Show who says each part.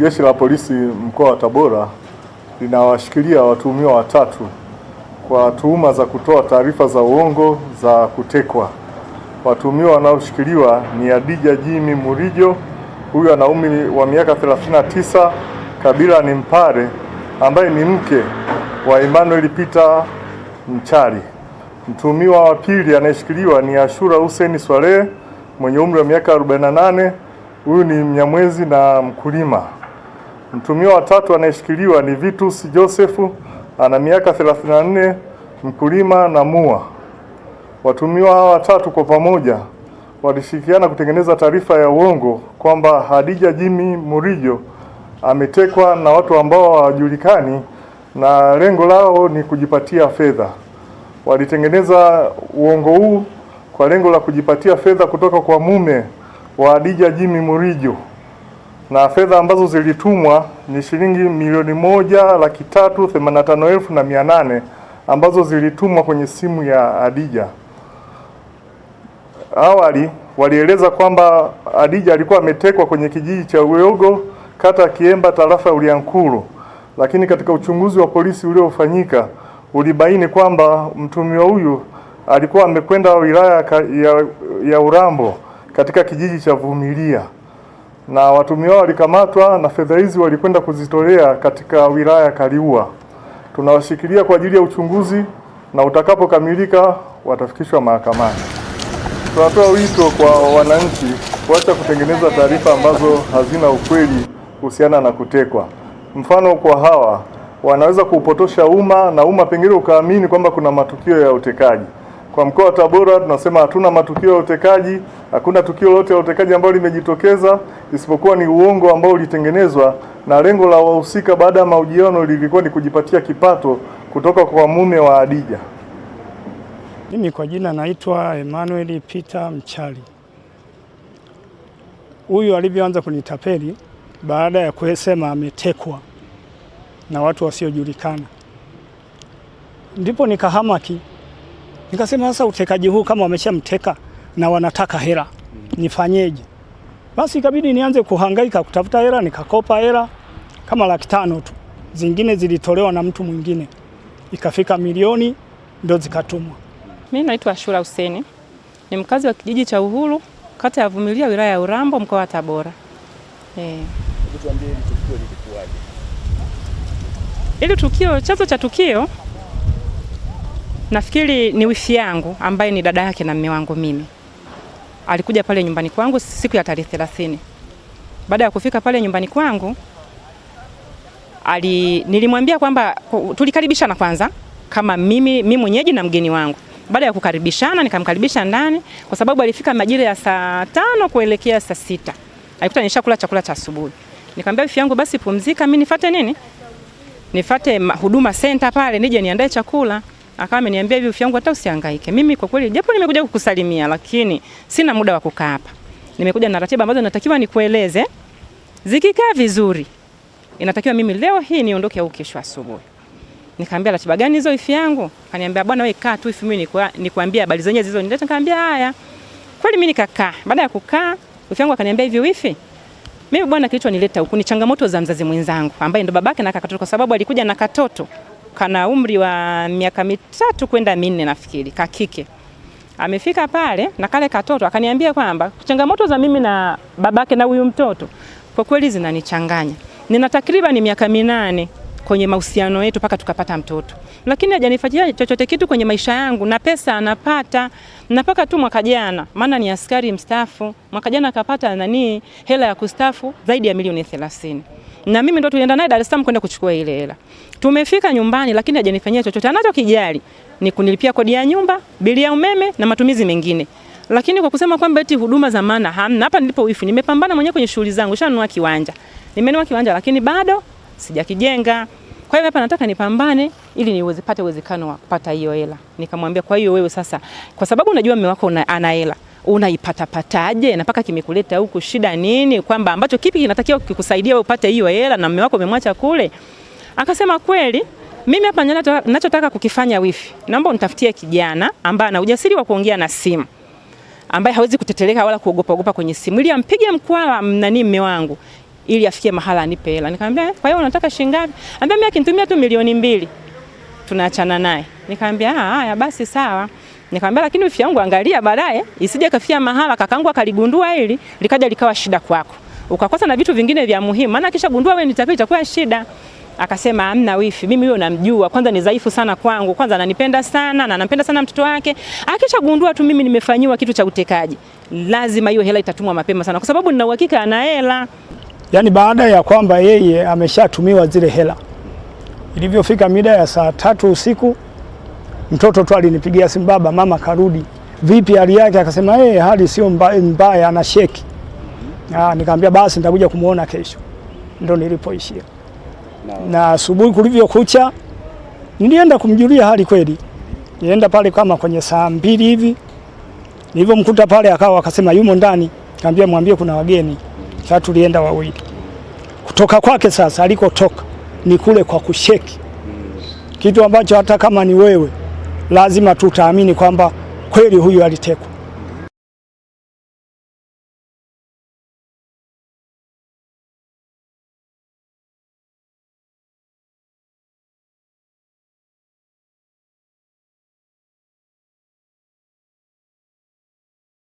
Speaker 1: Jeshi la Polisi mkoa wa Tabora linawashikilia watuhumiwa watatu kwa tuhuma za kutoa taarifa za uongo za kutekwa. Watuhumiwa wanaoshikiliwa ni Adija Jimmy Murijo, huyu ana umri wa miaka 39, kabila ni Mpare, ambaye ni mke wa Emmanuel Peter Mchali. Mtuhumiwa wa pili anayeshikiliwa ni Ashura Hussein Swalehe mwenye umri wa miaka 48, huyu ni Mnyamwezi na mkulima wa watatu anayeshikiliwa ni Vitus josefu ana miaka 34, mkulima na mua. watumiwa hawa watatu kwa pamoja walishirikiana kutengeneza taarifa ya uongo kwamba Hadija Jimmy Murijo ametekwa na watu ambao hawajulikani na lengo lao ni kujipatia fedha. Walitengeneza uongo huu kwa lengo la kujipatia fedha kutoka kwa mume wa Hadija Jimmy Murijo na fedha ambazo zilitumwa ni shilingi milioni moja laki tatu themanini na tano elfu na mia nane ambazo zilitumwa kwenye simu ya Adija. Awali walieleza kwamba Adija alikuwa ametekwa kwenye kijiji cha Uyogo kata ya Kiemba tarafa ya Uliankuru, lakini katika uchunguzi wa polisi uliofanyika ulibaini kwamba mtumiwa huyu alikuwa amekwenda wilaya ya, ya Urambo katika kijiji cha Vumilia na watumiwa walikamatwa na fedha hizi walikwenda kuzitolea katika wilaya Kaliua. Tunawashikilia kwa ajili ya uchunguzi na utakapokamilika watafikishwa mahakamani. Tunatoa wito kwa wananchi kuacha kutengeneza taarifa ambazo hazina ukweli kuhusiana na kutekwa. Mfano kwa hawa wanaweza kuupotosha umma na umma pengine ukaamini kwamba kuna matukio ya utekaji. Kwa mkoa wa Tabora tunasema hatuna matukio ya utekaji, hakuna tukio lolote la utekaji ambalo limejitokeza isipokuwa ni uongo ambao ulitengenezwa, na lengo la wahusika baada ya mahojiano lilikuwa ni kujipatia kipato kutoka kwa mume wa Adija.
Speaker 2: Mimi kwa jina naitwa Emmanuel Peter Mchali. Huyu alivyoanza kunitapeli baada ya kusema ametekwa na watu wasiojulikana, ndipo nikahamaki Nikasema sasa utekaji huu kama wameshamteka na wanataka hela nifanyeje? Basi ikabidi nianze kuhangaika kutafuta hela, nikakopa hela kama laki tano tu, zingine zilitolewa na mtu mwingine, ikafika milioni ndo zikatumwa.
Speaker 3: Mimi naitwa Ashura Huseni, ni mkazi wa kijiji cha Uhuru, kata ya Vumilia, wilaya ya Urambo, mkoa wa Tabora. Eh, ili tukio chanzo cha tukio Nafikiri ni wifi yangu ambaye ni dada yake na mume wangu mimi. Alikuja pale nyumbani kwangu siku ya tarehe 30. Baada ya kufika pale nyumbani kwangu ali, nilimwambia kwamba tulikaribishana kwanza kama mimi mimi mwenyeji na mgeni wangu. Baada ya kukaribishana nikamkaribisha ndani kwa sababu alifika majira ya saa tano kuelekea saa sita. Alikuta nishakula chakula cha asubuhi. Nikamwambia wifi yangu, basi pumzika, mimi nifate nini? Nifate huduma center pale nije niandae chakula akawa ameniambia hivi, ufi hata usihangaike. Mimi kwa kweli japo nimekuja kukusalimia, lakini sina muda wa kukaa hapa. Nimekuja na ratiba ambazo natakiwa nikueleze. Zikikaa vizuri, inatakiwa mimi leo hii niondoke au kesho asubuhi. Nikamwambia ratiba gani hizo ifi yangu? Kaniambia bwana, wewe kaa tu ifi, mimi nikwambia habari zenyewe hizo nileta. Nikamwambia haya. Kweli mimi nikakaa. Baada ya kukaa, ifi yangu akaniambia hivi, wifi, mimi bwana, kilicho nileta huku ni changamoto za mzazi mwenzangu ambaye ndo babake na katoto, kwa sababu alikuja na katoto kana umri wa miaka mitatu kwenda minne nafikiri, kakike amefika pale na kale katoto akaniambia kwamba changamoto za mimi na babake na huyu mtoto kwa kweli zinanichanganya. Nina takriban miaka minane kwenye mahusiano yetu mpaka tukapata mtoto, lakini hajanifanyia chochote kitu kwenye maisha yangu, na pesa anapata na mpaka tu mwaka jana, maana ni askari mstaafu, mwaka jana akapata nani hela ya kustaafu zaidi ya milioni thelathini na mimi ndo tulienda naye Dar es Salaam kwenda kuchukua ile hela. Tumefika nyumbani, lakini hajanifanyia chochote. Anachokijali ni kunilipia kodi ya nyumba, bili ya umeme na matumizi mengine lakini kwa kusema kwamba eti huduma za maana hamna. Hapa nilipo wifi, nimepambana mwenyewe kwenye shughuli zangu, shanunua kiwanja, nimenunua kiwanja, lakini bado sijakijenga. Kwa hiyo hapa nataka nipambane ili niweze pate uwezekano wa kupata hiyo hela. Nikamwambia, kwa hiyo wewe sasa, kwa sababu unajua mume wako ana hela unaipatapataje na mpaka kimekuleta huku, shida nini? Kwamba ambacho kipi kinatakiwa kikusaidia upate hiyo hela na mume wako umemwacha kule. Akasema kweli mimi hapa ninachotaka kukifanya wifi, naomba unitafutie kijana ambaye ana ujasiri wa kuongea na simu, ambaye hawezi kuteteleka wala kuogopa ogopa kwenye simu, ili ampige mkwala nani mume wangu, ili afikie mahala anipe hela. Nikamwambia eh, kwa hiyo unataka shilingi ngapi? Anambia mimi akinitumia tu milioni mbili tunaachana naye. Nikamwambia ah, haya basi sawa. Nikamwambia lakini afya yangu angalia baadaye isije kafia mahala kakangu akaligundua hili likaja likawa shida kwako. Ukakosa na vitu vingine vya muhimu. Maana kisha gundua wewe nitapita itakuwa shida. Akasema amna wifi, mimi huyo namjua, kwanza ni dhaifu sana kwangu, kwanza ananipenda sana na anampenda sana mtoto wake. Akisha gundua tu mimi nimefanyiwa kitu cha utekaji, lazima hiyo hela itatumwa mapema sana, kwa sababu nina uhakika ana hela.
Speaker 4: Yaani baada ya kwamba yeye ameshatumiwa zile hela, ilivyofika mida ya saa tatu usiku mtoto tu alinipigia simu, baba, mama karudi. Vipi hali yake? Akasema eh, hey, hali sio mbaya, mbaya ana sheki. Mhm. Ah, nikamwambia basi nitakuja kumuona kesho. Ndio nilipoishia. Na asubuhi kulivyokucha nilienda kumjulia hali kweli. Nienda pale kama kwenye saa mbili hivi. Nilivyomkuta pale akawa akasema yumo ndani. Nikamwambia mwambie kuna wageni. Sasa tulienda wawili. Kutoka kwake sasa alikotoka ni kule kwa kusheki. Mm. Kitu ambacho hata kama ni wewe lazima tutaamini kwamba kweli huyu alitekwa.